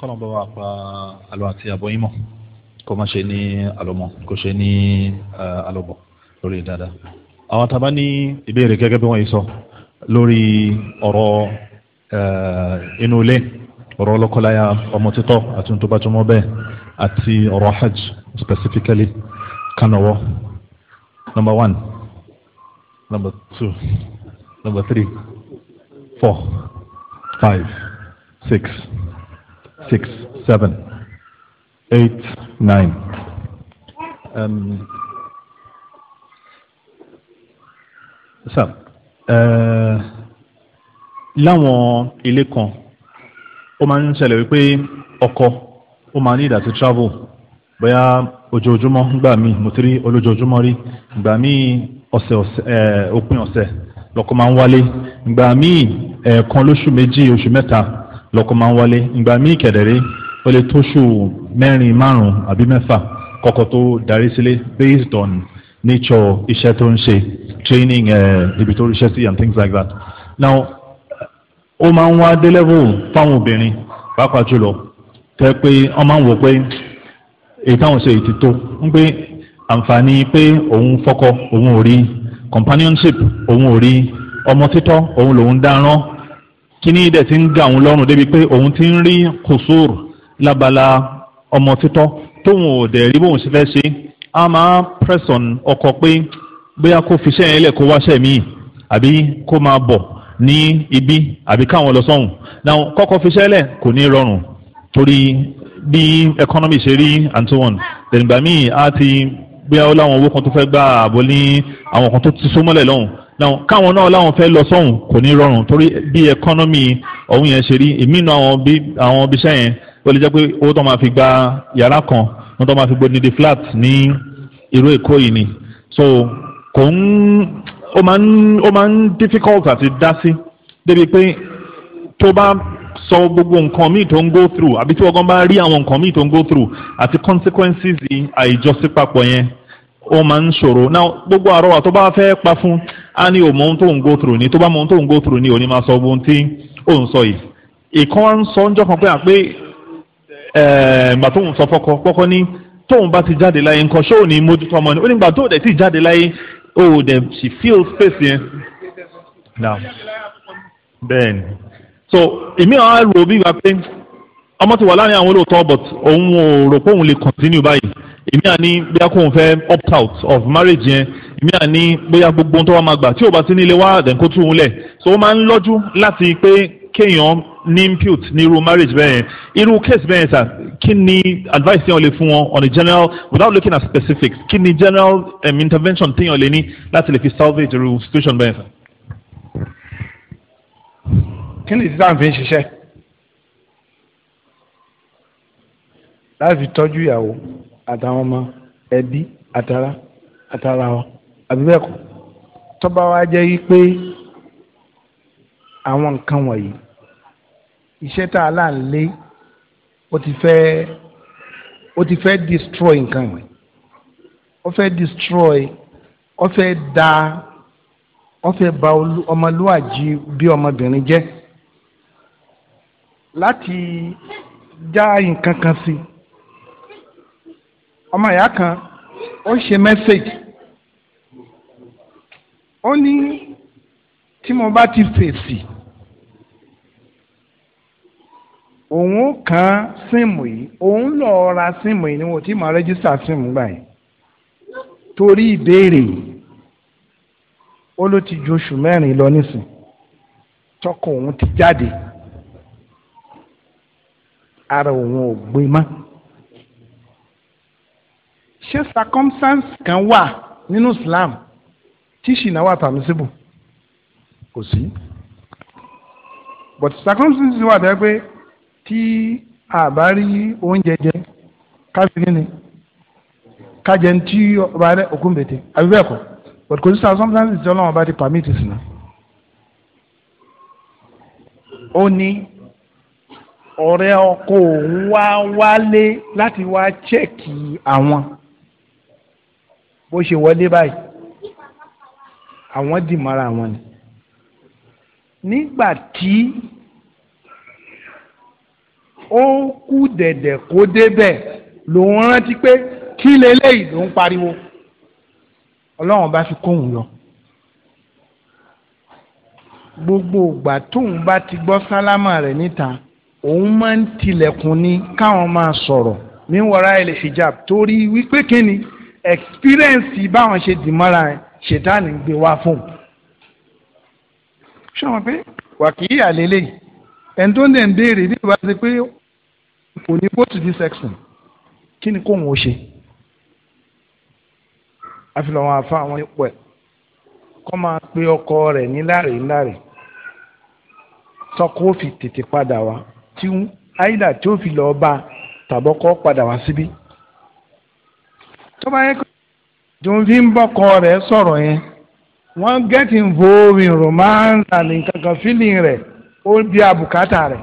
kọ́nà bá wà pa àlọ́ àti àbọ̀ yín mọ̀ kó má ṣe ní àlọ́mọ̀ kó ṣe ní àlọ́bọ̀ lórí dáadáa. àwọn tàbá ní ìbéèrè gẹ́gẹ́ bí wọ́n yìí sọ lórí ọ̀rọ̀ inú ilé ọ̀rọ̀ ọlọ́kọláya ọmọ títọ́ àti tó bẹ́ẹ̀ àti ọ̀rọ̀ hajj specifically kánọ̀wọ́ number one number two number three four five six. six, seven, eight, nine. Um, sir, uh, láwọn ilé kan ó máa ń ṣẹlẹ̀ wípé ọkọ ó máa ní ìdàtí travel bóyá ojoojúmọ́ gbà mí mo ti rí olójoojúmọ́ rí gbà mí ọ̀sẹ̀ ọ̀sẹ̀ òpin ọ̀sẹ̀ lọ́kọ máa ń wálé gbà mí ẹ̀ẹ̀kan lóṣù méjì oṣù mẹ́ta lọkọ máa ń wálé ìgbà míì kẹ̀dẹ̀rẹ́ ó lè tóṣù mẹ́rin márùn-ún àbí mẹ́fà kọ́kọ́ tó darí sílé based on nature iṣẹ́ tó ń ṣe training eh, ibi tó ríṣẹ́ sí and things like that now ó máa ń wá dé level fáwọn obìnrin pàápàá jùlọ tẹ́ pé wọ́n máa ń wò pé èyí táwọn ṣe ètò tó ń pé àǹfààní pé òun fọkọ òun ò rí companionship òun ò rí ọmọ títọ́ òun lòun dáràn Kini dẹ̀ ti ń ga òun lọ́rùn débi pé òun ti ń rí kòsóòrò lábala ọmọ títọ́ tóun ò dẹ̀ rí bóun ṣe fẹ́ ṣe á máa pẹ̀sọ̀n ọkọ pé bóyá kó fi sẹ́yìn lẹ̀ kó wáṣẹ́ míì àbí kó máa bọ̀ ní ibi àbí káwọn lọ sọ́hùn náà kọ́kọ́ fi sẹ́lẹ̀ kò ní rọrùn torí bí economy ṣe rí and so on dẹ̀nìgbà míì á ti bóyá ó láwọn owó kan tó fẹ́ gbà àbọ̀ ní àwọn kan tó ti sómọ́lẹ̀ lọ́hùn now káwọn náà làwọn fẹ́ lọ sọ́hùn kò ní rọrùn torí bí ẹkọ́nọ́mì ọ̀hún yẹn ṣe rí ìmínú àwọn bí àwọn ibiṣẹ́ yẹn ó lè jẹ́ pé owó tó máa fi gba yàrá kan wọ́n tó máa fi gbóni di flat ní irú èkó yìí ni so kò ń ó máa ń ó máa ń difficult àti dá sí débi pé tó bá sọ gbogbo nǹkan míì tó ń go through àbí tí ọgbọ́n bá rí àwọn nǹkan míì tó ń go through àti consequences àìjọsí papọ̀ yẹn ó máa ń ṣòro now gbogbo àrọ́wà tó bá fẹ́ pa fún á ní òmò ohun tó ń go through ni tó bá mọ ohun tó ń go through ni òní máa sọ ohun tí ó ń sọ yìí ìkan wá ń sọ ń jọkan pé àpé eh, ìgbà tó ń sọ fọkọ fọkọ ní tóun bá ti jáde láyé nǹkan ṣé ò ní mójútó ọmọ ni ó ní gbà tó dẹ̀ ti jáde láyé ó dẹ̀ she feel space yẹn. then so èmi àwọn àrò bí wà pé ọmọ ti wà láàrin àwọn olóòótọ́ but òun ò rò pé òun lè continue báyìí èmi à ní bóyá kóun fẹ́ opt out of marriage yẹn èmi à ní bóyá gbogbo tó wà máa gbà tí ò bá sí nílé wá then kó tú òun lẹ̀ so ó máa ń lọ́jú láti pé kéèyàn ní impute ní irú marriage bẹ́ẹ̀ irú case bẹ́ẹ̀ sà kí ni advice yẹn lè fún wọn on a general without looking at specifics kí ni general um, intervention téèyàn lè ní láti lè fi salvage irú situation bẹ́ẹ̀ sà. kí ni ìdílé àǹfin ṣiṣẹ́ láti fi tọ́jú ìyàwó àtàwọn ọmọ ẹbí àtàrà àtàrà wa àbí bẹ́ẹ̀ kọ́ tọ́ba wa jẹ́ yí pé àwọn nǹkan wọ̀nyí iṣẹ́ tá a là ń lé ó ti fẹ́ ó ti fẹ́ destroy nǹkan wọ̀nyí ó fẹ́ destroy ó fẹ́ da ó fẹ́ ba ọmọlúwàjì bí ọmọbìnrin jẹ́ láti já nǹkan kan sí i ọmọ ìyá kan ó ṣe mẹ́sẹ̀gì ó ní tí mo bá ti fèsì òun kan síìmù yìí òun lọ ra síìmù yìí ni wọ́n ti máa rẹ́jísítà síìmù gbà yìí torí ìbéèrè yìí ó ló ti ju oṣù mẹ́rin lọ nísìn tọkọ òun ti jáde ara òun ò gbé mọ́ ṣé circumstance kan wà nínú Islam tí ṣìnà wà permissible kò sí but circumstances wà bẹ́ẹ̀ pé tí a bá rí oúnjẹ jẹ káfí nínú kájẹ ní tí ọba rẹ òkú bètè àbí bẹ́ẹ̀ but kò sí circumstances tí ọlọ́run ọba ti permit sí náà ó ní ọ̀rẹ́ ọkọ òun wá wálé láti wá chẹ́ẹ̀kì àwọn bó ṣe wọlé báyìí àwọn dì mọ́ra wọn ni nígbà tí ó kú dẹ̀dẹ̀ kó débẹ̀ lòun rántí pé kí leléyìí ló ń pariwo ọlọ́run bá fi kóhùn lọ gbogbo ìgbà tóun bá ti gbọ́ sálámà rẹ̀ níta òun máa ń tilẹ̀kùn ni káwọn máa sọ̀rọ̀ mi wọra ilẹ̀ hijab torí wípé kíni experience báwọn ṣe dì mọ́ra ẹ̀ ṣètánì gbé wá fún un. ṣọ́wọ́n pé wàkíyà lélẹ̀ ẹni tó ń dẹ̀ ń béèrè bí ìwà ṣe pé kò ní go to this section kí ni kóun ó ṣe. àfihàn àwọn afá àwọn ipò ẹ̀ kọ́ máa pe ọkọ rẹ̀ níláre níláre sọ́kò ó fi tètè padà wá tí áìdà tí ó fi lọ́ọ́ bá tàbọ́kọ́ padà wá síbí tó bá yẹ kó dùn fi ń bọ́kọ rẹ̀ sọ̀rọ̀ yẹn wọ́n get involved in romance and nkankan feeling rẹ̀ ó di àbùkátà rẹ̀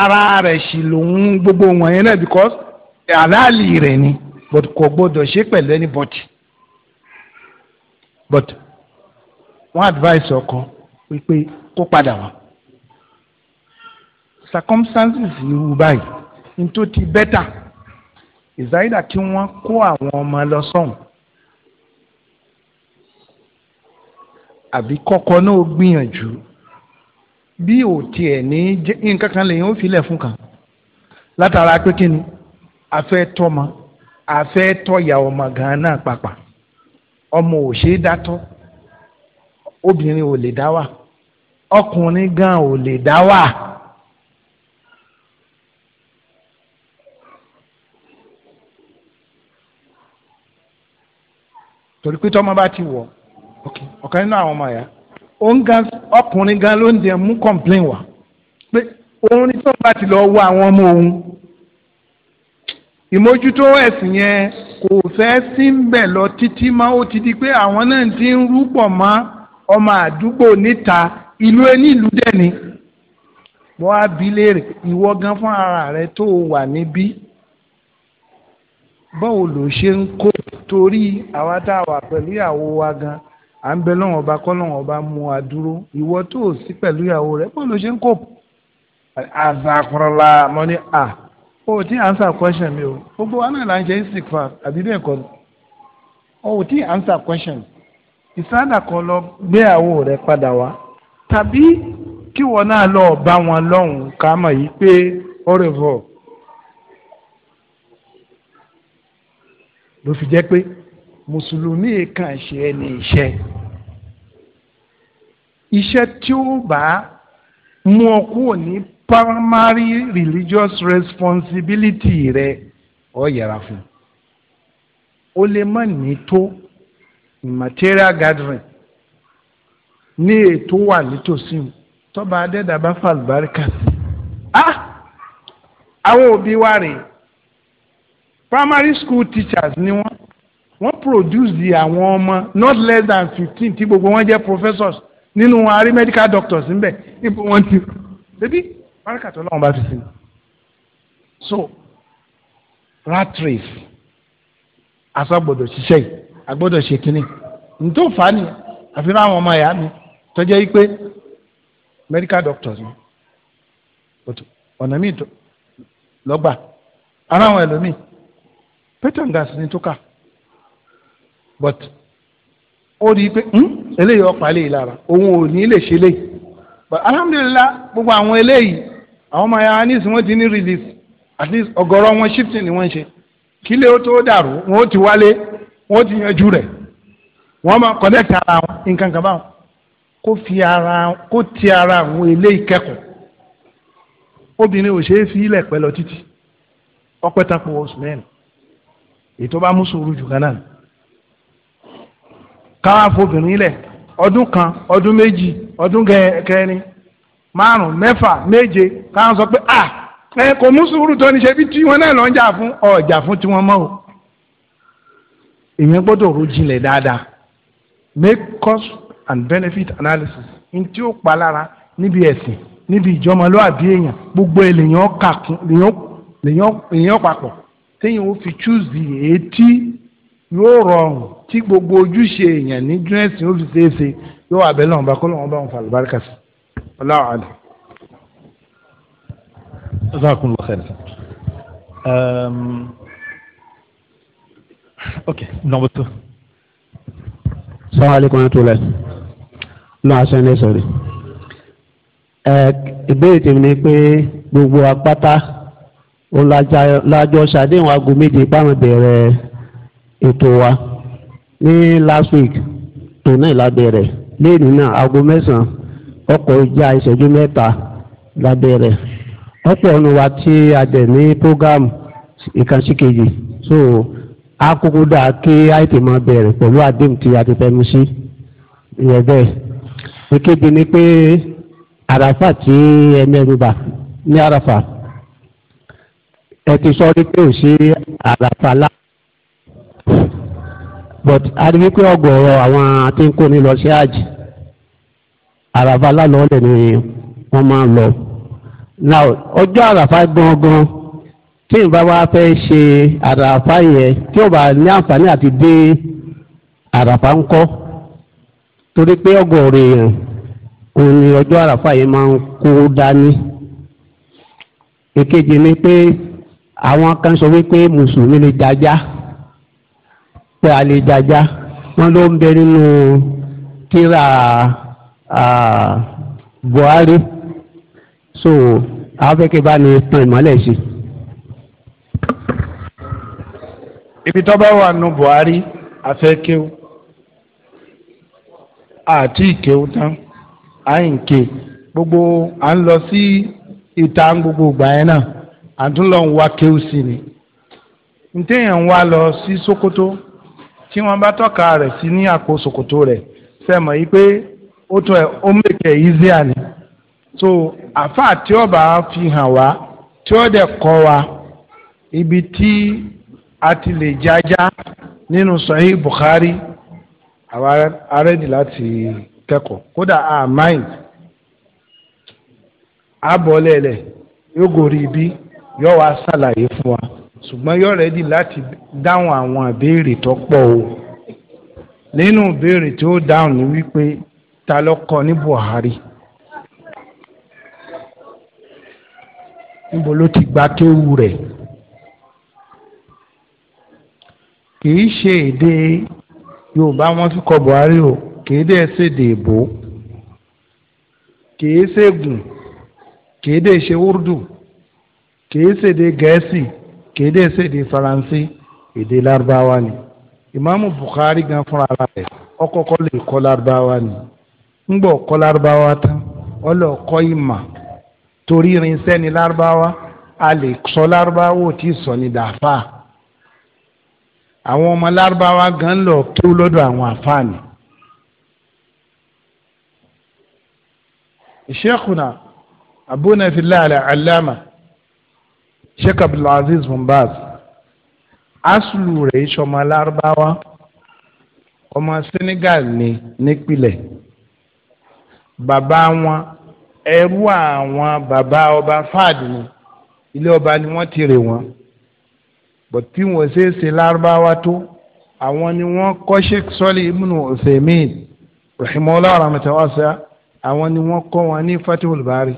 ara rẹ̀ sì lòun gbogbo wọ̀nyẹn náà because àlàálì rẹ̀ ni but kò gbọdọ̀ ṣe pẹ̀lú anybody but wọ́n advice ọkọ wípé kó padà wá circumstances irú báyìí n tó ti better ìzáyídà kí wọ́n kó àwọn ọmọ lọ sọ́hùn àbí kọ́kọ́ náà gbìyànjú bí ò tiẹ̀ ní nǹkan kan lèyìn ó filẹ̀ fún kan látara pé kí ni afẹ́ tọ́mọ afẹ́ tọ́yà ọmọ gan-an náà pàpà ọmọ ò ṣeé dátọ́ obìnrin ò lè dá wà ọkùnrin gan ò lè dá wà. torí pé tọ́mọ bá ti wọ̀ ọ̀kan nínú àwọn ọmọ ẹ̀yà ọkùnrin gan ló ń dẹ̀ mú complain wá pé òun ni tọ́mọ bá ti lọ wọ àwọn ọmọ òun ìmójútó ẹ̀sìn yẹn kò fẹ́ sí ń bẹ̀ lọ títí má ó ti di pé àwọn náà ti ń rúpọ̀ mọ́ ọmọ àdúgbò níta ìlú ẹni dẹ̀ ni wọ́n á bi léèrè ìwọ gan fún ara rẹ tó wà níbí báwo ló ṣe ń kó torí àwa tá a wà pẹ̀lú ìyàwó wa gan à ń bẹ lọ́wọ́n ọba kọ́ lọ́wọ́n ọba mú wa dúró ìwọ tó o sí pẹ̀lú ìyàwó rẹ bó ló ṣe ń kó àzàkùnrọ̀lá mọ́ ni à o ti answer question mi o gbogbo wa náà là ń ṣe isik fa àbí bẹ́ẹ̀ kọ́ ni o ti answer question ìsáàdà kan lọ gbéyàwó rẹ padà wá tàbí kí wọn náà lọ bá wọn lọ́hùn-ún ká mọ̀ yìí pé ó rẹ̀ ló fi jẹ́ pé mùsùlùmí e kan ṣe ẹni iṣẹ́ iṣẹ́ tí ó bá mú ọ kúrò ní primary religious responsibility rẹ ọ yẹra fún ó lè má ní tó material gathering ní ètò wà nítòsí tọ́ba adẹ́dàbá fàlùbáríkà sí. Ah! àwọn òbí wa rèé primary school teachers ni wọ́n wọ́n produce di àwọn ọmọ not less than fifteen tí gbogbo wọn jẹ́ professors nínú wọn arí medical doctors ńbẹ níbo wọn ti ṣebí baraka tó lọ́wọ́n bá fi sí so rat race aṣọ gbọ́dọ̀ ṣiṣẹ́ yìí agbọ́dọ̀ ṣe kínní nítorí fa ni àfihàn àwọn ọmọ ẹ̀yà mi tọ́jọ́ yìí pé medical doctors ni ọ̀nà míì lọ́gbà ara àwọn ẹlòmíì pétron gas ni tó kà but ó rí i pé hmm, eléyìí ọ̀pá eléyìí lára òun ò ní lè ṣe léyìí but alhamdulilah gbogbo àwọn eléyìí àwọn ọmọ ya ní wọn ti ní release at least ọ̀gọ̀rọ̀ wọn shifting ni wọ́n ṣe kí lè ó tó dàrú wọn ó ti wálé wọn ó ti yanjú rẹ̀ wọ́n máa connect ara wọn nǹkan kan báwọn kó fi ara kó ti ara àwọn eléyìí kẹ́kọ̀ọ́ obìnrin ò ṣeé fi ilẹ̀ pẹ́ lọ títí ọpẹ́ tapọ̀ oṣù ètò bá mú sùúrù jù kan náà káwá fobìnrin lẹ̀ ọdún kan ọdún méjì ọdún kẹrin márùn mẹ́fà méje káwọn sọ pé ah ẹ kò mú sùúrù tó ní ṣe bí tiwọn náà lọ ń jà fún ọjà fún tiwọn mọ́ o èèyàn gbọ́dọ̀ ro jinlẹ̀ dáadáa make cost and benefit analysis n tí ó pa lára níbi ẹ̀sìn níbi ìjọmọlúwàbí èèyàn gbogbo èèyàn kàkún èèyàn papọ̀ téèyàn ó fi chúùsì èétí yóò rọrùn tí gbogbo ojúṣe èèyàn ní dúrẹ́sì ó fi ṣeéṣe yóò wà bẹ́ẹ̀ lọ́wọ́n bá kọ́ lọ́wọ́n bá wọn fà lùbáríkà sí ọláwọ̀ àdè. ọ̀sán àkùnlọ́sẹ̀ Okay, number two. Sọ́wọ́n alẹ́ kan tó lẹ̀ lọ́wọ́ aṣọ ẹ̀ lẹ́sọ̀rọ̀. Ìbéèrè tèmi ni pé gbogbo apáta òun lájọ ṣàdéhùn aago méje páwọn bẹ̀rẹ̀ ètò wa ní last week tó náà lábẹ́rẹ̀ léèlú náà aago mẹ́sàn-án ọkọ̀ ìjà ìṣẹ́jú mẹ́ta lábẹ́rẹ̀ ọ̀pọ̀ ọ̀nà wa tí a dẹ̀ ní program ìkànsí kejì so àkókò dáa kí àìtì máa bẹ̀rẹ̀ pẹ̀lú àdéhùn tí a ti fẹnu sí ìyẹn bẹ́ẹ̀ ìkéde ni pé àràfà tí ẹ mẹ́rin bà ní àràfà ẹ ti sọ wípé ò sí àràfà but a rí wípé ọ̀gọ̀ọ̀rọ̀ àwọn tí ń kó ni lọ sí àjì àràfà lálọ́ọ̀lẹ̀ ni wọ́n máa ń lọ now ọjọ́ àràfà gangan tí n bá wá fẹ́ ṣe àràfà yẹn tí ò bá ní àǹfààní àti dé àràfà ń kọ́ torí pé ọ̀gọ̀ọ̀rọ̀ èèyàn òun ni ọjọ́ àràfà yẹn máa ń kó dání èkejì ni pé àwọn kan sọ wípé mùsùlùmí lè dájá pé a lè dájá wọn ló ń bẹ nínú tírà Buhari so àwọn fẹ́ kí bá ní tan ìmọ́lẹ̀ sí. ibi tó bá wà nù Buhari afẹ́kéw àti ìkéw tán à ń ké gbogbo à ń lọ sí ìta gbogbo ìgbà yẹn náà. adụlọ ń wá kéwù sí ni ntẹ̀yàn ń wá lọ sí Sokoto tí wọ́n bá tọ́ka rẹ̀ sí ní àpò Sokoto rẹ̀ sẹ́mọ̀ yìí pé ó tún ẹ̀ ó mèkẹ́ ìzíà ni so àfa tí ó bá fi hàn wá tí ó dẹ̀ kọ́ wa ibi tí a ti lè jájá nínú Sahih buhari àwa arẹ́dì láti kẹ́kọ̀ọ́ kódà a mind abọ́lẹ̀lẹ̀ yóò gòrí ibi yóò wá ṣàlàyé fún wa ṣùgbọ́n yóò rẹ́dì láti dáhùn àwọn àbéèrè tó pọ̀ o nínú ìbéèrè tí ó dáhùn ni wípé ta ló kọ ní Buhari níbo ló ti gba kéwù rẹ̀ kì í ṣe èdè Yorùbá wọn fi kọ Buhari o kì í dẹ̀ ṣèdè èbó kì í ṣègùn kì í dẹ̀ ṣe urdu kìí ṣèdè gẹ̀ẹ́sì kìí dẹ̀ ṣèdè faransé èdè lárúbáwá ni ìmáàmù Bukhari gan fúnra rẹ̀ ọkọ̀ọ̀kọ̀ lè kọ́ lárúbáwá ni ńgbọ̀ kọ́ lárúbáwá tán ọlọ́ọ̀kọ́ ìmà torí irinṣẹ́ ni lárúbáwá a lè sọ lárúbáwá ò tí sọ ní dàáfà àwọn ọmọ lárúbáwá gan lọ kéwú lọ́dọ̀ àwọn àfáàní. Sheikhuna abuna fillah al-allama sheikh abdulaziz mumbaz asulu rẹ̀ ìṣọmọ alárúbáwá ọmọ senegal ni nípìlẹ̀ bàbá wọn ẹrú àwọn bàbá ọba fad ni ilé ọba ni wọ́n ti rè wọ́n but tí wọ́n ṣe é ṣe lárúbáwá tó àwọn ni wọ́n kọ́ sheikh sọ́lì ibnu ọ̀sẹ̀mìn rahimahullah rahmatullah àwọn ni wọ́n kọ́ wọn ní fatihul bari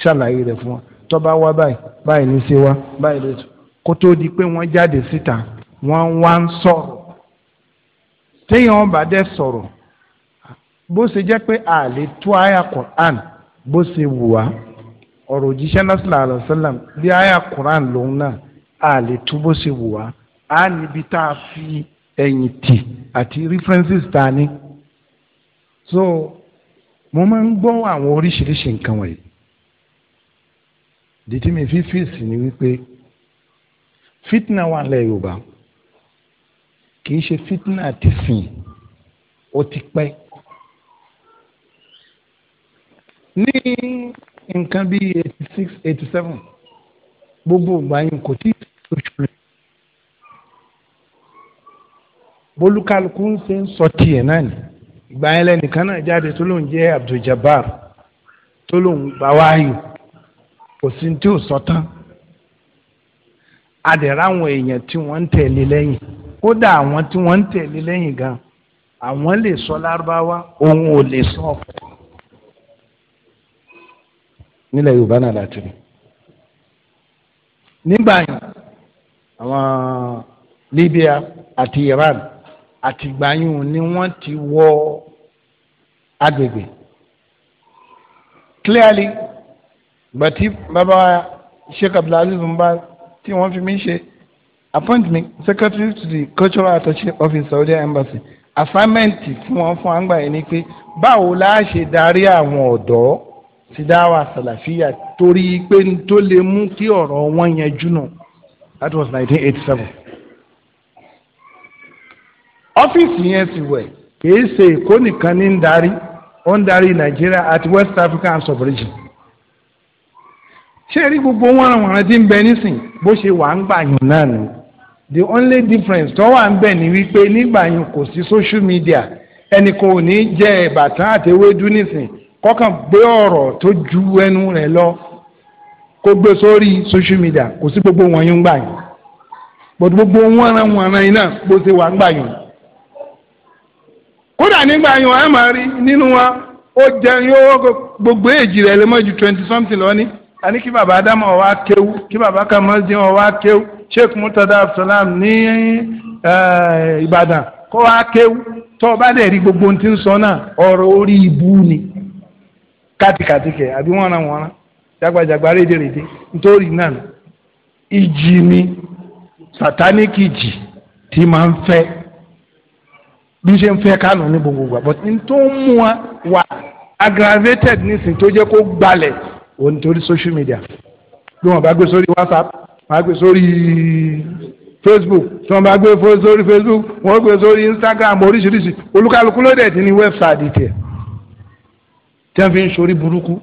ṣàlàyé rẹ̀ fún wọn tọ́ba wá báyìí báyìí ní ṣe wá báyìí lè tù kó tó di pé wọ́n jáde síta wọ́n wá ń sọ̀rọ̀ téèyàn bá dẹ̀ sọ̀rọ̀ bó ṣe jẹ́ pé a lè tú àyà Qur'an bó ṣe wù wá ọ̀rọ̀ òjíṣẹ́ náà sallallahu bí àyà Qur'an lòun náà a lè tú bó ṣe wù wá a níbi tá a fi ẹ̀yìn tì àti references ta so mo máa ń gbọ́ àwọn oríṣiríṣi nǹkan wọ̀nyí dìtí mi fífìsì ni wípé fitna wà lẹ yorùbá kì ṣe fitna ti sìn ó ti pẹ́ ní nǹkan bíi eighty six eighty seven gbogbo ìgbà yẹn kò tí ì oṣù rẹ bolúkálukú ń ṣe ń sọ tiẹ̀ náà ni ìgbà yẹn lẹ́nìkan náà jáde tó lóun jẹ́ Abdul Jabbar tó lóun gbà wáyò kò sí tí ò sọ tán adẹ̀rẹ̀ àwọn èèyàn tí wọ́n ń tẹ̀lé lẹ́yìn kódà àwọn tí wọ́n ń tẹ̀lé lẹ́yìn gan àwọn lè sọ lárúbáwá òun ò lè sọ. nílẹ̀ yorùbá náà láti rí nígbà yìí àwọn Libya àti Iran àti gbayún ni wọ́n ti wọ agbègbè clearly gbàtí bàbá sheikh abdulaziz ń bá tí wọ́n fi mí ṣe appoint me secretary to the cultural attaché office saudi embassy assignment tí wọ́n fún àgbà yẹn ni pé báwo la ṣe darí àwọn ọ̀dọ́ ti dáwà sàlàfíà torí pé tó lè mú kí ọ̀rọ̀ wọn yẹn jùnà that was nineteen eighty seven ọ́fíìsì yẹn ti wẹ̀ kì í ṣe èkó nìkan ní ń darí ó ń darí nàìjíríà àti west africa and sub-region ṣé rí gbogbo wọn àwọn àwọn tí ń bẹ nísìn bó ṣe wà ń náà nù the only difference tó wà ń bẹ ni wípé nígbà kò sí social media ẹnì ní jẹ àtẹwédú nísìn kọkàn ju ẹnu re lọ kó gbé sórí social media kò gbogbo wọn yín ń gbogbo wọn àwọn àwọn yìí náà bó ṣe wà ń kódà gbogbo èjì lè something lọ ani ní kí baba adamu ọwá kéwú kí baba kamaludin ọwá kéwú sheikh murtada abdulsalam ní ìbàdàn kó wá kéwú tó o bá dẹ̀ rí gbogbo ohun tí ń sọ náà ọ̀rọ̀ orí ibú ni kátìkátì kẹ̀ àbí wọ́n ran wọ́n ran jagbajagba rédèrèdè nítorí náà ìjì ni sàtánìkì jì tí máa ń fẹ́ bí ṣe ń fẹ́ kánú ní gbogbo gbà but n tó ń mú wa aggravated nísìnyí tó jẹ́ kó gbalẹ̀ òun torí social media bí wọ́n bá gbé sórí WhatsApp wọ́n á gbé sórí Facebook tí wọ́n bá gbé sórí Facebook wọ́n gbé sórí Instagram oríṣiríṣi olúkálukú ló dẹ̀ ti ní wẹ́bsáìtì tiẹ̀ tí wọ́n fi ń sori burúkú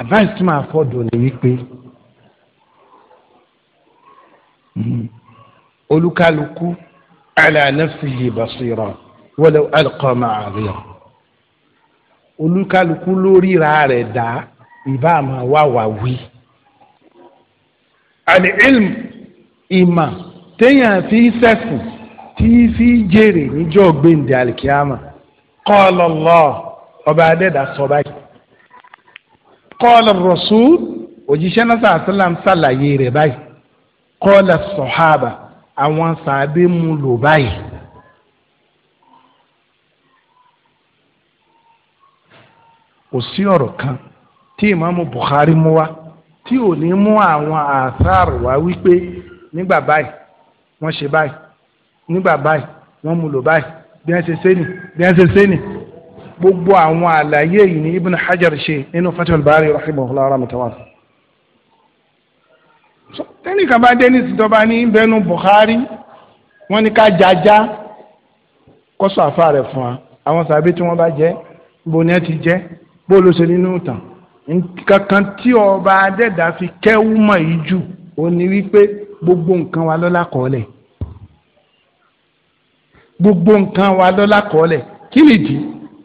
advice tí màá fọ́dọ̀ ni wípé hmm, olúkálukú ala nafsihi basira wala alqa ma'azira olúkálukú lórí ra rẹ̀ dáa ìbá àmà wà wà wí. àlè ilm ìmà téèyàn fi sẹ́sìn tí fi jèrè níjọ́ gbèǹde àlìkíyàmà qala Allah ọba adẹ́dà sọ báyìí. qala rasul òjíṣẹ́ náà sàásìlám sàlàyé rẹ̀ báyìí qala sọ̀hábà àwọn sàábé mu lò báyìí. kò sí ọ̀rọ̀ kan tí ìmáàmù Bukhari mú wá tí ò ní mú àwọn àṣàrò wá wípé nígbà báyìí wọ́n ṣe báyìí nígbà báyìí wọ́n mú lò báyìí bí wọ́n ṣe ṣe nì bí wọ́n ṣe ṣe gbogbo àwọn àlàyé yìí ni Ibn Hajar ṣe nínú Fathul Bari rahimahullah rahmatullah tẹnìkan bá dé ní ìsìtọ́ba ní bẹnu Bukhari wọ́n ní ká jaja kọ́sọ̀ àfa rẹ̀ fún wa àwọn sàbí tí wọ́n bá jẹ́ bó ni ẹ ti jẹ́ bó ló ṣe nínú ìtàn nǹkankan tí ọba adẹ́dá fi kẹ́wú mọ̀ yìí jù ó ní wípé gbogbo nǹkan wa lọ́la kọ́ọ̀lẹ̀ gbogbo nǹkan wa lọ́la kọ́ọ̀lẹ̀ kí nìdí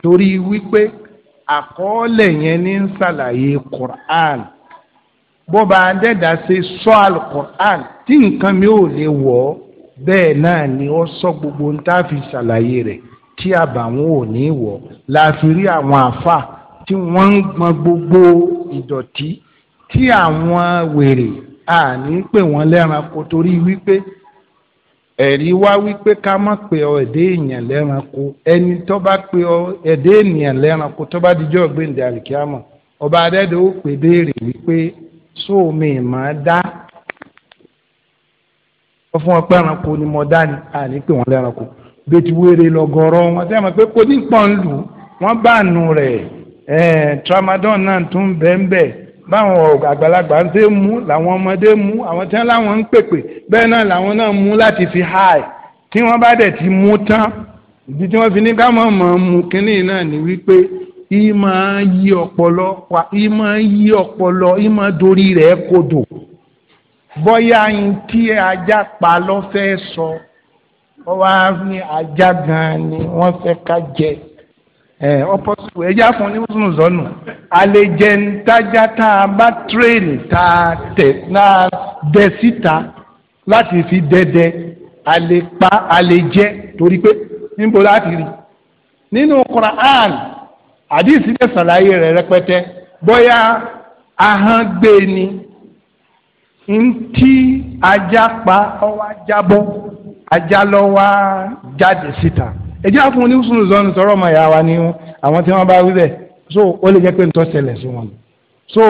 torí wípé àkọọ́lẹ̀ yẹn ní ń ṣàlàyé Qur'an bọ́ba adẹ́dá ṣe sọ al-Qur'an tí nǹkan mi ò lè wọ̀ ọ́ bẹ́ẹ̀ náà ni ó sọ gbogbo ń tá a fi ṣàlàyé rẹ̀ tí àbàwọ́n ò ní wọ̀ láfi rí àwọn àfáà tí wọ́n ń gbọ̀n gbogbo ìdọ̀tí tí àwọn wèrè àní pè wọ́n lẹ́ranko torí wípé ẹ̀rí wá wípé ká má pe ọ ẹ̀dẹ́ èèyàn lẹ́ranko ẹni tó bá pe ọ ẹ̀dẹ́ èèyàn lẹ́ranko tó bá dijọ́ gbẹ̀ǹdẹ̀ àlìkíámọ̀ ọba adẹ́dẹ́ ó pè béèrè wípé sóòmì máa dá wọ́n fún wọn pé ẹranko ni mo dá ni àní pè wọ́n lẹ́ranko bẹ́ẹ̀ ti wéré lọ́gọ́rọ́ wọn tẹ́ ẹ mọ̀ pé kò ní pọ́n lù wọ́n bá nù rẹ̀ tramadol náà tún bẹ́ẹ̀nbẹ́ báwọn àgbàlagbà ń ṣe mú làwọn ọmọdé mú àwọn tí wọn láwọn ń pèpè bẹ́ẹ̀ náà làwọn náà mú láti fi háì tí wọ́n bá dẹ̀ ti mú tán ìdí tí wọ́n fi ní ká mọ̀ mọ̀ mú kínní náà ni wípé í máa yí ọpọlọ pa í máa yí ọpọlọ í máa dorí rẹ̀ kodò bọ́yá yín tí ajá pa lọ́fẹ́ sọ wọ́n wá ní ajá gan-an ni wọ́n fẹ́ ká jẹ. ẹ ọpọsù ẹjá fún ní húsùn zọnù àlejẹ̀ntájá tá a bá tírèènì tá a náà dẹ síta láti fi dẹdẹ àlepa àlejẹ torí pé níbo láti rí nínú Quran àdìsí lè ṣàlàyé rẹ̀ rẹpẹtẹ bóyá ahọ́n gbé ni ntí ajá pa ọwọ́ ajá bọ́ ajá lọ́wọ́ ẹjẹ àfún ní sùn zọnù sọ̀rọ̀ ọmọ ìyá wa ni àwọn tí wọn bá wí bẹ so ó lè jẹ pé nítorí ṣẹlẹ̀ sí wọn so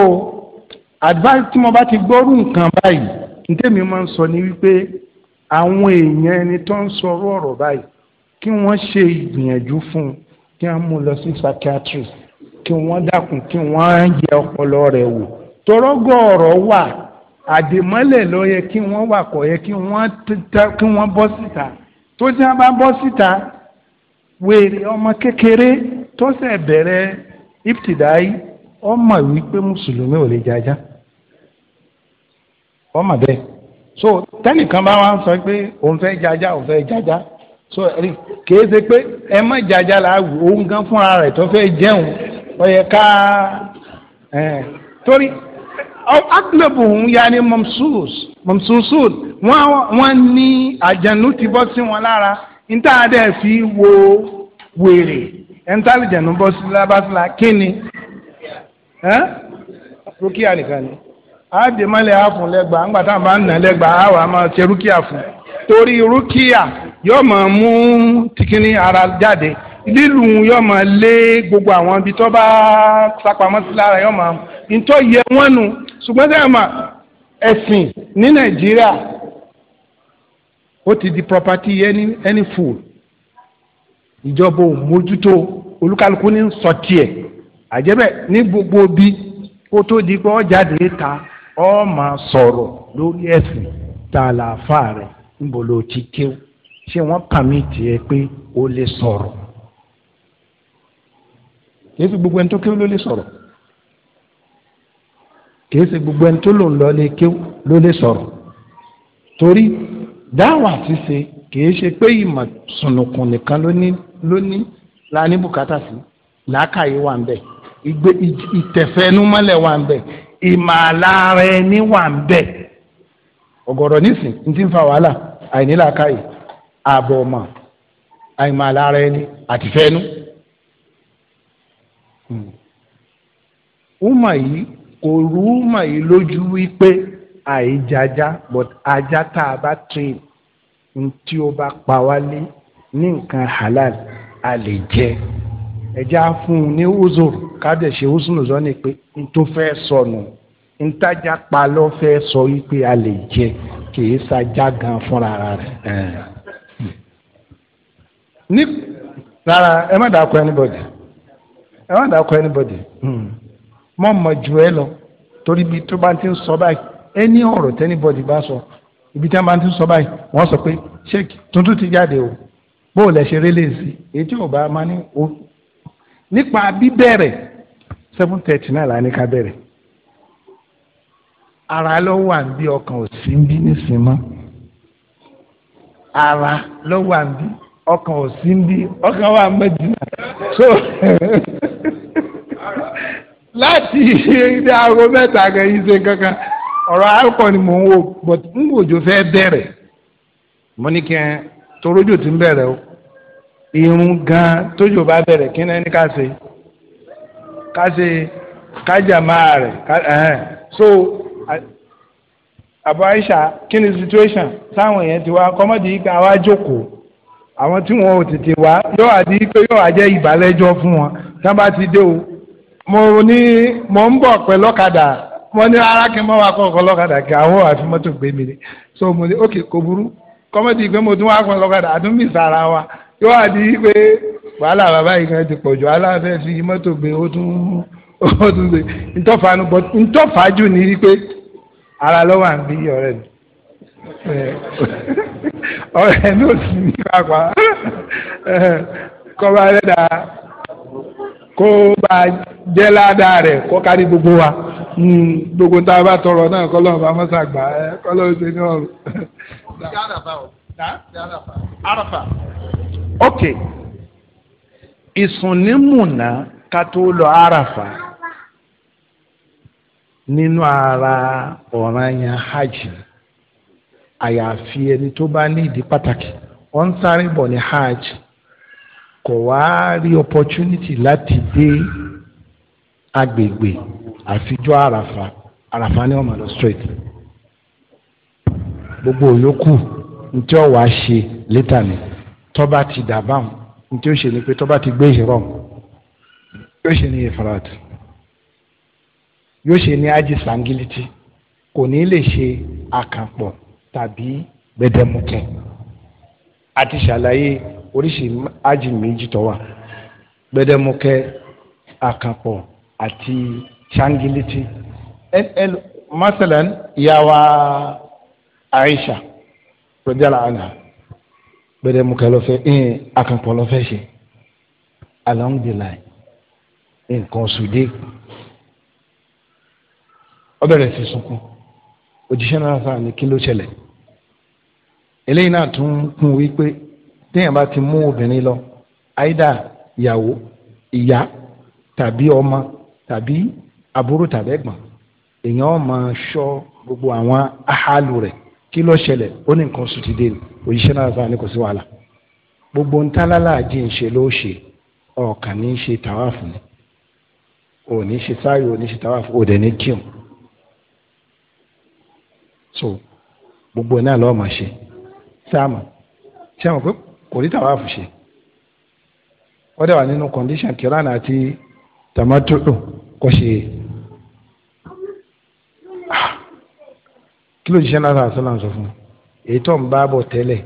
advice tí mo bá ti gbọ́rú nǹkan báyìí ntẹ́mi máa ń sọ ni wípé àwọn èèyàn ẹni tó ń sọ̀rọ̀ ọ̀rọ̀ báyìí kí wọ́n ṣe ìgbìyànjú fún un kí wọ́n mú lọ sí psychiatrist kí wọ́n dákun kí wọ́n yẹ ọpọlọ rẹ̀ wò tọrọgọ ọ̀rọ̀ wà àdèmọ́lẹ̀ ló yẹ kí wọ́n wà kọ̀ yẹ kí wọ́n bọ́ síta tó tí wọ́n bá bọ́ síta wèrè ọmọ kékeré tó ṣẹ̀ bẹ̀rẹ̀ ìpìtìdáyì ọmọ wípé mùsùlùmí ò lè jájá ọmọ bẹ́ẹ̀ so tẹnìkan bá wà ń sọ pé òun fẹ́ jájá òun fẹ́ jájá so kìí ṣe pé ẹ má jájá la wù òun gan fúnra rẹ̀ tó fẹ́ jẹun ó yẹ ká torí aglabuhum yaani mamsus mamsusun wọ́n ní àjànú ti bọ́ sí wọn lára níta dẹ̀ fi wo were ẹ̀ńtálìjẹ̀nù bọ́ bá sílá kíni rúkìá nìkan ni àdèmọ́lẹ̀ àfún lẹ́gbàá ńgbà táwọn bá ń nà lẹ́gbàá àwọn àmọ́ ṣe rúkìá fún torí rúkìá yóò máa mú tìkíní ara jáde lílù yóò máa lé gbogbo àwọn ibi tó bá sapamọ́ sí lára yóò máa ntọ́ yẹ wọ́n nu ṣùgbọ́n sẹ́yìn mà di property any any ìjọba ò mójútó olúkálukú ní sọ tiẹ̀ àjẹbẹ ní gbogbo bí kó tó di pé ọjàde ta ọ máa sọ̀rọ̀ lórí ẹ̀sìn tààlàfà rẹ̀ níbo ló ti kéwù ṣé wọ́n pàmì tiẹ̀ pé ó lè sọ̀rọ̀ kìí ṣe gbogbo ẹni tó kéwù ló lè sọ̀rọ̀ kìí ṣe gbogbo ẹni tó lòun lọ lè kéwù ló lè sọ̀rọ̀ torí dáwà ṣíṣe kìí ṣe pé ìmọ̀ sùnùkùn nìkan ló ní lónìí la ní bùkátà sí làákàyè wà ń bẹ ìgbé ìtẹ̀fẹ́numọ́lẹ̀ wà ń bẹ ìmàlára ẹni wà ń bẹ ọ̀gọ̀rọ̀ nísìn ní ti ń fa wàhálà àìní làákàyè ààbọ̀ ọ̀mà àìmàlára ẹni àtìfẹ́nu. Uma hmm. yìí kò rú Uma yìí lójú wípé àìjájá but ajá tá a bá train ní tí ó bá pa wá ní nǹkan halal a lè jẹ ẹjẹ á fún un ní uzur kádẹ ṣe usunuzọ ni pé n tó fẹ́ sọnù n tajà pa lọ fẹ́ sọ wípé a lè jẹ kì í sajá gan fúnra rẹ̀ ní rárá ẹ má dàá kọ anybody ẹ má dàá kọ anybody hmm. mọ mọ jù ẹ lọ torí bí tó bá ti ń sọ báyìí ẹni ọ̀rọ̀ tẹnibọdì bá sọ ibi tí wọn bá ti ń sọ báyìí wọn sọ pé ṣéèkì tuntun ti jáde o bó lẹ ṣe rélé sí èyí tí ọba máa ní o nípa bíbẹ̀rẹ̀ seven thirty náà la ní ká bẹ̀rẹ̀ ara ló wà ń bí ọkàn ò sí ń bí nísìn mọ́ ara ló wà ń bí ọkàn ò sí ń bí ọkàn wà mẹ́dínà so láti ilé aago mẹ́ta kan yìí ṣe kankan ọ̀rọ̀ àkọ́ mò ń wò but ń wòjò fẹ́ bẹ̀rẹ̀ mo ní kí torójò ti ń bẹ̀rẹ̀ o irun gan tójò bá bẹ̀rẹ̀ kí ni ká ṣe ká ṣe kájà máa rẹ̀ so àbọ̀ àìsà kí ni situation táwọn èèyàn ti wá kọ́mọ́dé yìí ká wá jókòó àwọn tí wọn ò tètè wá yóò àti pé yóò àjẹ́ ìbàlẹ́jọ́ fún wọn tí wọ́n bá ti dé o mo ní mo ń bọ̀ pẹ̀lú ọ̀kadà mo ní ara wa kọ́ ọ̀kọ́ lọ́kadà kí àwọn àfi mọ́tò gbé mi ni so mo ní ok kò burú kọ́mọ́tì pé mo tún wá pọn lọ́kadà àtúnbí sara wa yóò wá di pé wàhálà bàbá yìí kan ti pọ̀ jù wàhálà fẹ́ fi mọ́tò gbé ó tún ó tún gbé ntọ́fàánu bọ́ ntọ́fàájú ni wípé ara lọ́wọ́ à ń bí ọ̀rẹ́ mi ọ̀rẹ́ mi ò sì ní pápá kọ́ba rẹ̀ dà kó bá jẹ́ ládàá rẹ̀ kó kárí gbogbo wa. gbogbo tá a bá tọrọ náà kọ́ lọ́wọ́ bá mọ́sá ẹ ẹ́ kọ́ lọ́wọ́ ṣe ní ọ̀rùn. ok ìsùnnímùnà ká tó lọ àràfà nínú ara ọ̀ranyàn hajj àyàfi ẹni tó bá ní ìdí pàtàkì wọ́n ń sáré bọ̀ ní hajj kò wá rí opportunity láti dé agbègbè. àfijọ́ àràfà àràfà ni wọ́n máa lọ straight gbogbo òyòkù ntí ọ̀wá ṣe létà ni tọ́ba ti dà báwọn ntí ó ṣe ni pé tọ́ba ti gbé ìrọ̀m yóò ṣe ní ìfarat yóò ṣe ní ájì sangiliti kò ní lè ṣe àkànpọ̀ tàbí gbẹdẹmukẹ àti ṣàlàyé oríṣi ájì méjì tó wà gbẹdẹmukẹ àkànpọ̀ àti ṣangiliti eh, eh, masalan yawa aisha rọjala ana gbẹdẹ mukẹ lọfẹ ẹn eh, akankọ lọfẹ ṣe along the line nǹkan sùdé ó bẹ̀rẹ̀ sí sunkún òjíṣẹ́ náà sáà ní kí ló ṣẹlẹ̀ eléyìí náà tún kún wípé téèyàn bá ti mú obìnrin lọ àìdá ìyàwó ìyá tàbí ọmọ tàbí aburú tàbí ẹ̀gbọ́n èèyàn ó máa ṣọ́ gbogbo àwọn ahalu rẹ̀ kí ló ṣẹlẹ̀ ó ní nǹkan sùn ti dé ni òjíṣẹ́ náà sáà ní kò sí wàhálà gbogbo ń àjí ń ló ṣe ọ̀kan ní ṣe tàwáàfù ni ò ní ṣe sáyò ò ní ṣe tàwáàfù ò dẹ̀ ní kíun so gbogbo náà lọ́ọ́ máa ṣe sáàmù sáàmù pé kò rí tàwáàfù ṣe wọ́n dẹ̀ wà nínú kọ́ndíṣàn kìránà àti tàmátò kò ṣe. kí ló jíṣẹ́ náà sọ náà sọ fún èyí tó ń bá bọ̀ tẹ́lẹ̀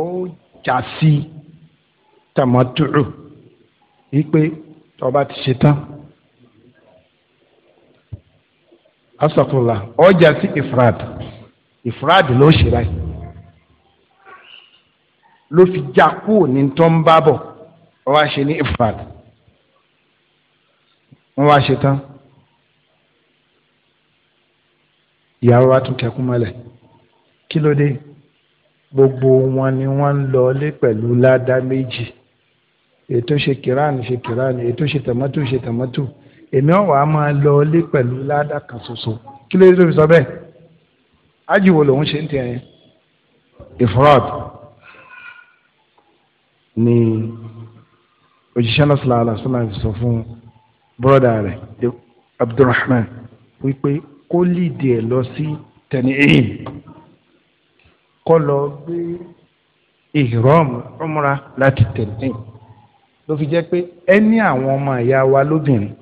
ó já sí tàmátùrù wípé tó bá ti ṣe tán asàkùnlá ó sí ifrad ifrad ló ṣe báyìí ló fi já kúrò ní tó ń bá bọ̀ ó ṣe ní ifrad wọ́n wá ṣe tán. ìyàwó wa tún kẹkún mọ́lẹ̀ kí ló dé gbogbo wọn ni wọ́n ń lọ lé pẹ̀lú ládá méjì ètò ṣe kìránì ṣe kìránì ètò ṣe tòmátò ṣe tòmátò èmi ọ̀wà á máa lọ lé pẹ̀lú kan ṣoṣo kí ló dé tó fi sọ bẹ́ẹ̀ ájìwò lòun ṣe ń tẹ̀ ẹ́ ifrad ni òjíṣẹ́ náà sọ̀rọ̀ àlàsọ́nà sọ fún bọ́dà rẹ̀ abdulrahman wípé kó lìdí ẹ̀ lọ sí tẹ̀lé ẹ̀yìn kọ́ lọ gbé ihram umrah láti tẹ̀lé ẹ̀yìn ló fi jẹ́ pé ẹni àwọn ọmọ ìyá wa lóbìnrin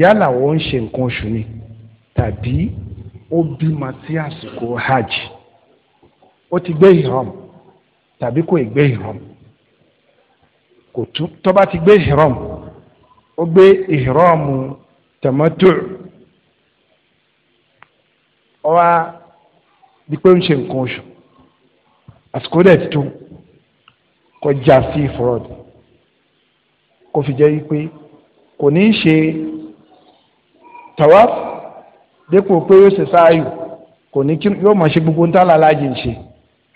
yálà wọ́n ń ṣe nǹkan oṣù ni tàbí ó bímọ sí àsìkò hajj ó ti gbé ihram tàbí kò gbé ihram kò tún tó bá ti gbé ihram ó gbé ihram tàmátù ó wá di pé ń ṣe nǹkan oṣù àsìkò dẹ̀ ti tó kọjá sí fraud kò fi jẹ́ wípé kò ní í ṣe tawaf dépò pé yóò ṣe sáàyù kò ní kí yóò máa ṣe gbogbo ń tà ń ṣe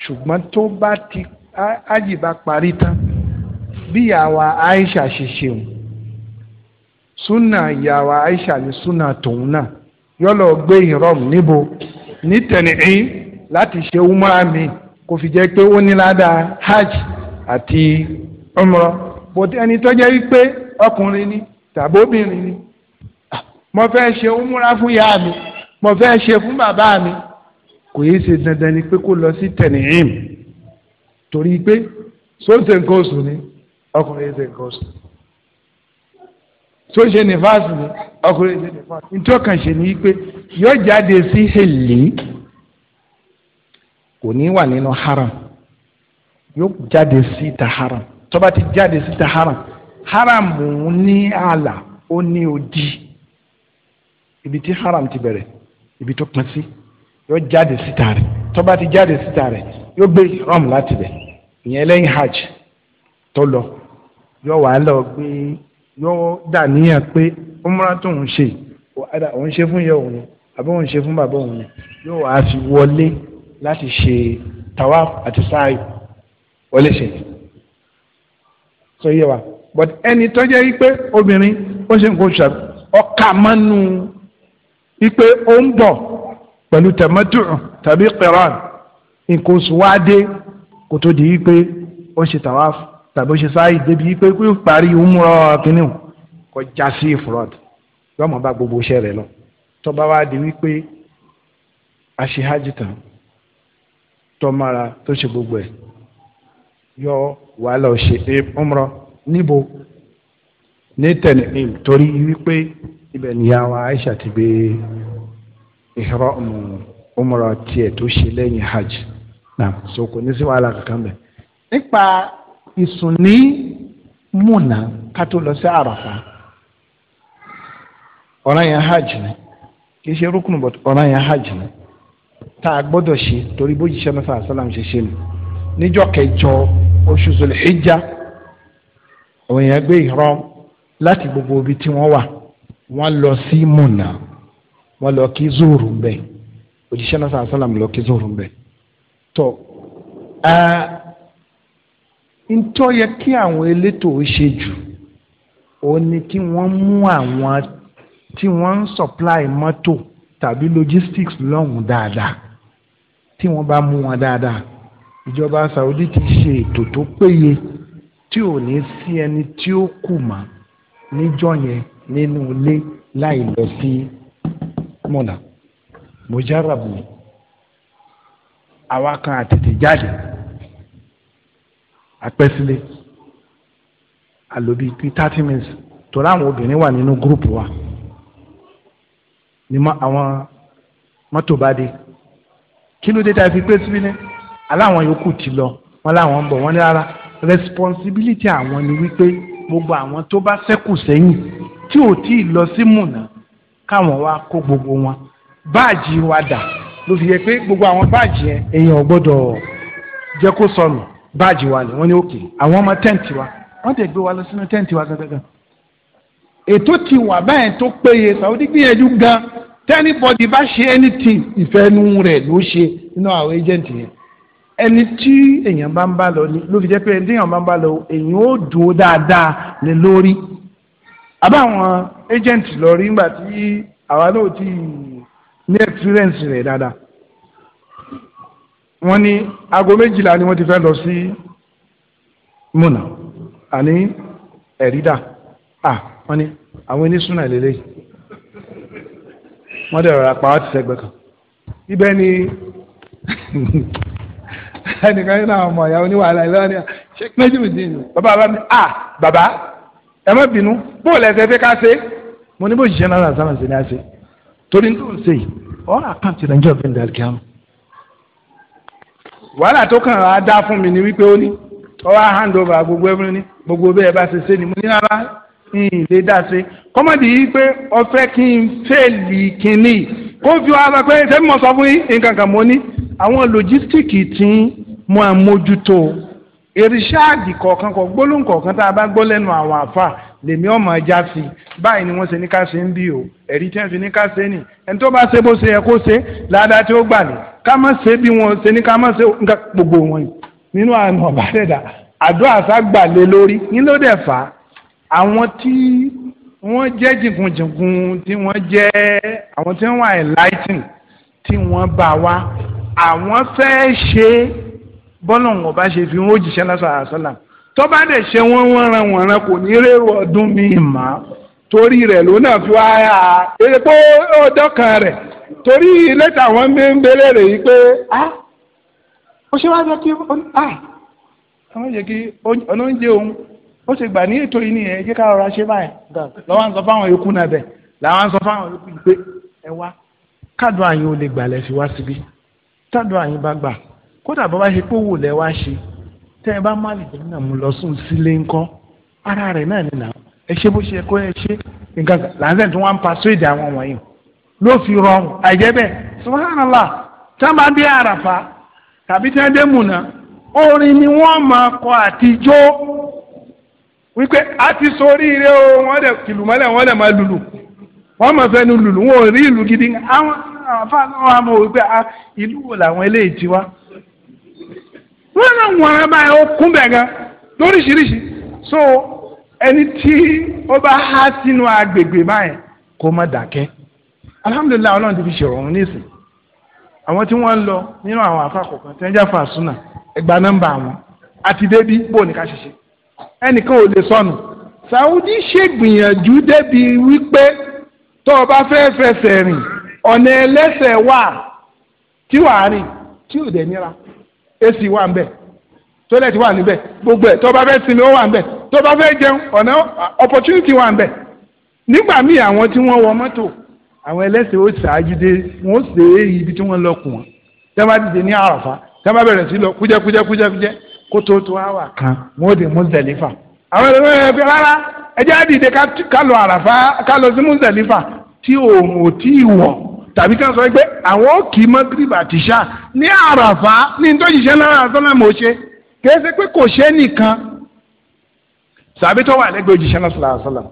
ṣùgbọ́n tó bá ti ájì bá parí tán bí ìyàwó Aisha ṣe ṣeun súnà ìyàwó Aisha ni suna tòun náà yọlọ gbé ìrọ̀m níbo ní tẹ̀lẹ́ín láti ṣe umra mi kò fi jẹ́ pé ó ní ládàá hajj àti umra bòtí ẹni tó wípé ọkùnrin ni tàbí obìnrin ni ah, mo fẹ́ ṣe umra fún ìyá mi mo fẹ́ ṣe fún bàbá mi kò yé ṣe dandan ni pé kó lọ sí tẹ̀lẹ́ín torí pé sóńtẹ̀ nǹkan oṣù ni ọkùnrin ṣe nǹkan oṣù ni tó ṣe nífàsì ni ọkùnrin ṣe nífàsì ní tí ó kàn ṣe ni pé yóò jáde sí hèlè kò ní wà nínú haram yóò jáde síta haram tó bá ti jáde síta haram haram ní ààlà ó ní odi ibi tí haram ti bẹ̀rẹ̀ ibi tó pín sí yóò jáde síta rẹ̀ tó ti jáde síta rẹ̀ yóò gbé ihram láti bẹ̀ ìyẹn lẹ́yìn hajj tó lọ yóò wá lọ gbé yóò dà níyà pé umra tó ń ṣe àdà òun ṣe fún ìyá òun àbí òun ṣe fún bàbá òun yóò wá fi wọlé láti ṣe tawaf àti sáàyè wọlé ṣe so yé wa but ẹni tó jẹ́ wípé obìnrin ó ṣe nǹkan oṣù ọkà mọ́nú wípé ó ń bọ̀ pẹ̀lú tẹ̀mẹ́tù tàbí qiran nǹkan oṣù wá dé tó di wípé ó ṣe tawaf tàbí ṣe sáyé débi pé kó parí umrọ kínní kó já sí ifrod yóò mọ bá gbogbo iṣẹ́ rẹ̀ lọ tó bá wá di wípé aṣehájì tán tó mara tó ṣe gbogbo ẹ̀ yọ wà lọ ṣe umrọ níbo ní tẹnifim torí wípé ibẹ̀ níyàwó Aisha ti gbé ihram umrọ tiẹ̀ tó ṣe lẹ́yìn hajj náà so kò ní sí wàhálà kankan bẹ̀ nípa ìsùn ní múnà kátó lọ sí àràfà ọ̀ràn yẹn hajj ni kì í ṣe rúkùnù bọ̀ ọ̀ràn yẹn hajj ni tá a gbọ́dọ̀ ṣe torí bó jíṣẹ́ mẹ́fà sálàm ṣe ṣe ni níjọ́ kẹjọ oṣù zulhijja òyìn gbé ihram láti gbogbo ibi tí wọ́n wà wọ́n lọ sí múnà wọ́n lọ kí zuru ń bẹ̀ òjíṣẹ́ mẹ́fà sálàm lọ kí zuru ń bẹ̀ tó ẹ́ẹ́ ntọ́ yẹ kí àwọn elétò ṣe jù òun ni kí wọ́n mú àwọn tí wọ́n ń supply mọ́tò tàbí logistics lọ́hùn dáadáa tí wọ́n bá mú wọn dáadáa ìjọba Saudi ti ṣe ètò tó péye tí ò ní sí ẹni tí ó kù mọ́ níjọ́ yẹn nínú ilé láì lọ sí mọ̀nà mojarabu àwa kan àtètè jáde apẹ́sílẹ̀ àlòbí bíi thirty minutes torí àwọn obìnrin wà nínú gúrùpù wa ni àwọn mọ́tò bá dé kí ló dé tá a fi pé síbí ní aláwọn yòókù ti lọ wọn láwọn ń bọ̀ wọ́n rárá responsibility àwọn ni wípé gbogbo àwọn tó bá ṣẹ́kù sẹ́yìn tí ò tí ì lọ sí mùnà káwọn wá kó gbogbo wọn báàjì wa dà ló fi yẹ pé gbogbo àwọn báàjì yẹn èèyàn gbọ́dọ̀ jẹ́ kó sọnù báàjì wa ni wọ́n ní òkè àwọn ọmọ tẹ́ǹtì wa wọ́n tẹ̀ gbé wa lọ sínú tẹ́ǹtì wa gangan. ètò ti wà báyẹn tó péye Saudi gbìyànjú gan tẹ́nibọ́dì bá ṣe anything ìfẹ́nu rẹ̀ ló ṣe nínú àwọn agent yẹn ẹni tí èèyàn bá ń bá lọ ni ló fi jẹ́ pé ẹni tí èèyàn bá ń bá lọ èèyàn ó dùn dáadáa lè lórí àbáwọn agent lọ rí nígbà tí àwa náà ti ní experience rẹ̀ dáadáa wọ́n ní aago méjìlá ni wọ́n ti fẹ́ lọ sí múnà àní ẹ̀rídà à wọ́n ní àwọn oníṣúná ìlélẹ́yìí wọ́n dẹ̀ rọra pa wá ti sẹ́gbẹ̀ẹ́ kan ibẹ̀ ni ẹnìkan yìí náà mọ̀ ìyàwó ní wàhálà ìlọ́wọ́ ni ṣé méjì mi dín ní bàbá bàbá mi à bàbá ẹ má bínú bóòlù ẹsẹ̀ fẹ́ ká ṣe mo ní bó ṣiṣẹ́ náà sàmà sí ni a ṣe torí ní tó ń ṣe yìí ọ́ àkáǹtì nàìjíríà fi ń darí wàhálà tó kàn á dá fún mi ni wípé ó ní ọwọ́ hand over gbogbo ẹ̀fọn ní gbogbo bẹ́ẹ̀ bá ṣe ṣe ni mo ní rárá n lè dá ṣe kọ́mọ̀dì yìí pé ọ̀fẹ́ kí n fẹ́ẹ̀lì kínní kó fi wá sọ pé ṣé mo sọ fún yín nǹkan kan mo ní àwọn lòjísítìkì tí mo à mójútó kọ̀ọ̀kan kọ̀ gbólóhùn tá a bá gbọ́ lẹ́nu àwọn àfà lèmi ọmọ ẹja sí i báyìí ni wọ́n ṣe ní ká ṣe ń bí o ẹ̀rí tí wọ́n fi ní ká ṣe nì ẹni tó bá ṣe bó ṣe yẹ kó ṣe ládàá tí ó gbà ní ká má ṣe bí wọ́n ṣe ní ká má ṣe nǹkan gbogbo wọn yìí nínú àwọn ọba dẹ̀dà àdó àṣà gbà lé lórí yín ló fà á àwọn tí wọ́n jẹ́ jìnkùnjìnkùn tí wọ́n jẹ́ àwọn tí wọ́n wà enlighten tí wọ́n bá wa àwọn fẹ́ ṣe bọ́lọ̀ wọn ṣe fi wọ́n ó jìṣẹ́ lásán àṣọ làwọn tọ́ba dẹ̀ ṣe wọ́n wọ́n ran wọ́n ran kò ní rérò ọdún míì mọ́ torí rẹ̀ ló náà fi wá yà á eré pé ó dọ́kan rẹ̀ torí lẹ́tà wọn gbé ń belé rè yí pé á ó ṣe wá jẹ́ kí á àwọn jẹ́ kí oúnjẹ òun ó ṣe gbà ní ètò yìí nìyẹn jẹ́ ká ṣe báyìí lọ́wọ́ sọ fáwọn yòókù náà bẹ̀ làwọn sọ fáwọn yòókù yìí pé ẹ wá kádùn àyìn ò lè gbà lẹ́ fi wá síbí kádùn àyìn bá gbà kódà bọ́ bá ṣe pé lẹ́ wá ṣe tẹ́ ẹ bá má lè lọ sílé ara rẹ̀ náà nìyà ẹ ṣe bó ṣe kó ẹ ṣe nǹkan kan tí wọ́n ń pa sóòdì àwọn wọ̀nyí ló fi rọrùn àìjẹ́ bẹ́ẹ̀ subhanallah tá a fa, dé àràfà tàbí dé múnà orin kọ àtijọ́ wípé a ti ire o wọ́n kìlù mọ́lẹ̀ wọ́n máa lùlù wọ́n máa fẹ́ gidi àwọn náà wípé ah, ìlú wo làwọn eléyìí ti wá wọ́n náà wọ́n á báyìí ó kún bẹ̀ gan lóríṣiríṣi so ẹni tí ó bá há sínú agbègbè báyìí kó má dákẹ́ alhamdulilayi ọlọ́run ti fi ṣèrò òun nísìn àwọn tí wọ́n ń lọ nínú àwọn àfàkọ̀ kan tí wọ́n ẹgbàá nọ́mbà wọn àti débi bó ní ká ṣiṣẹ́ ẹnìkan ò lè sọnù Saudi ṣègbìyànjú débi wípé tó o bá fẹ́ fẹsẹ̀ rìn ọ̀nà ẹlẹ́sẹ̀ wà tí wàá rìn tí ò dẹ̀ níra ac wà ń bẹ̀ toilet wà níbẹ̀ gbogbo ẹ̀ tó bá fẹ́ sinmi ó wà ń bẹ̀ tó bá fẹ́ jẹun ọ̀nà opportunity wà ń bẹ̀ nígbà míì àwọn tí wọ́n wọ mọ́tò àwọn ẹlẹ́sìn ó ṣáájú dé wọ́n ṣe é ibi tí wọ́n lọ kù wọ́n tẹ́wọ́n ti dé ní àràfà tẹ́wọ́n bẹ̀rẹ̀ sí lọ kújẹ́kújẹ́kújẹ́kújẹ́ kó tó tó àwà kan wọ́n dé Muzdalifa àwọn ẹlẹ́sìn ó ṣe rárá ẹjẹ́ á dìde ká lọ àràfà ká lọ sí Muzdalifa tí òun ò tí ì wọ̀ tàbí ká sọ pé àwọn ó kì í mọ́ gíríbà tìṣà ní àràfà ní tó ṣiṣẹ́ lára sọ́nà mò ń ṣe kìí ṣe pé kò ṣe nìkan sàbí tó wà lẹ́gbẹ̀ẹ́ òjíṣẹ́ náà sọ̀rọ̀ àṣọlá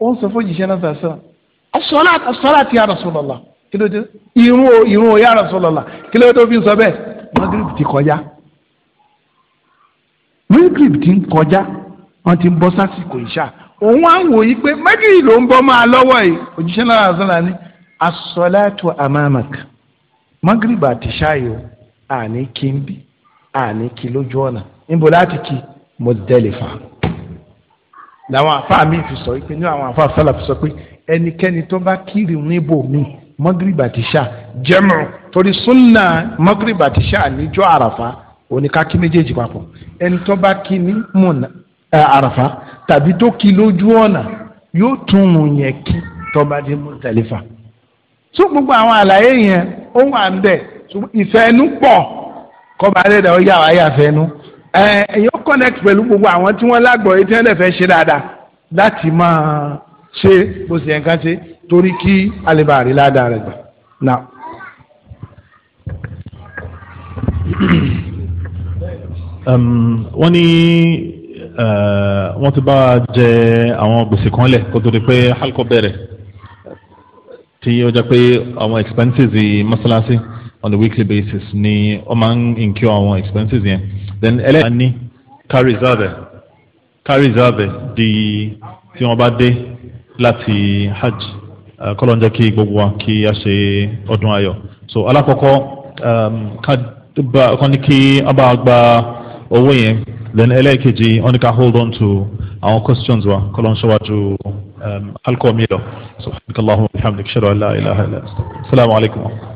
ó ń sọ fún òjíṣẹ́ náà sọ̀rọ̀ àṣọlá àṣọlá àṣọlá ti àràṣọlọ́lá kí ló dé irun o irun o yà àràṣọlọ́lá kí ló tó fi sọ bẹ́ẹ̀ magrib ti kọjá magrib ti ń kọjá wọ́n ti ń bọ́ sásìkò ìṣá òun á wòye pé magrib ló ń bọ́ máa lọ́wọ́ yìí òjíṣẹ́ náà àṣọlá ni asọ́látù amamak magreba àti ṣáyò àní kí n bí àní kí lójú ọ̀nà níbo láti kí Muzdalifa làwọn àfa mi fi sọ pé ní àwọn àfa sọlá fi sọ pé ẹnikẹ́ni tó bá kiri níbo mi magreba àti ṣá jẹ́mu torí súnà magreba àti ṣá níjọ́ àràfà oníkàkí méjèèjì papọ̀ ẹni tó bá kí ní mọ̀nà àràfà tàbí tó kí lójú ọ̀nà yóò tún un yẹn kí tó bá dé Muzdalifa tún gbogbo àwọn àlàyé yẹn ó wà ń bẹ̀ ìfẹ́nu pọ̀ kọba adéda ó yà wá yà fẹ́nu èyàn connect pẹ̀lú gbogbo àwọn tí wọ́n lágbọ̀ etí wọ́n lè fẹ́ ṣe dáadáa láti máa ṣe bó ṣe yẹn kan ṣe torí kí alibàárí ládàá rẹ̀ gbà. Now. Um, wọ́n ní uh, wọ́n ti bá jẹ àwọn gbèsè kan lẹ̀ kó tó di pé halkọ bẹ̀rẹ̀ tí ó jẹ́ pé àwọn expenses mọ́sálásí on a weekly basis ni ó máa ń incur àwọn expenses yẹn then ẹlẹ́yà ní ká reserve ká reserve di tí wọ́n bá dé láti hajj uh, kọ́lọ́ kí gbogbo wa kí a ṣe ọdún ayọ̀ so alákọ̀ọ́kọ́ um, kan ní kí a bá gba owó yẹn then ẹlẹ́ẹ̀kejì wọ́n ní hold on to àwọn questions wa kọ́lọ́ ń القوميلو سبحانك اللهم وبحمدك اشهد ان لا اله الا انت السلام عليكم ورحمه الله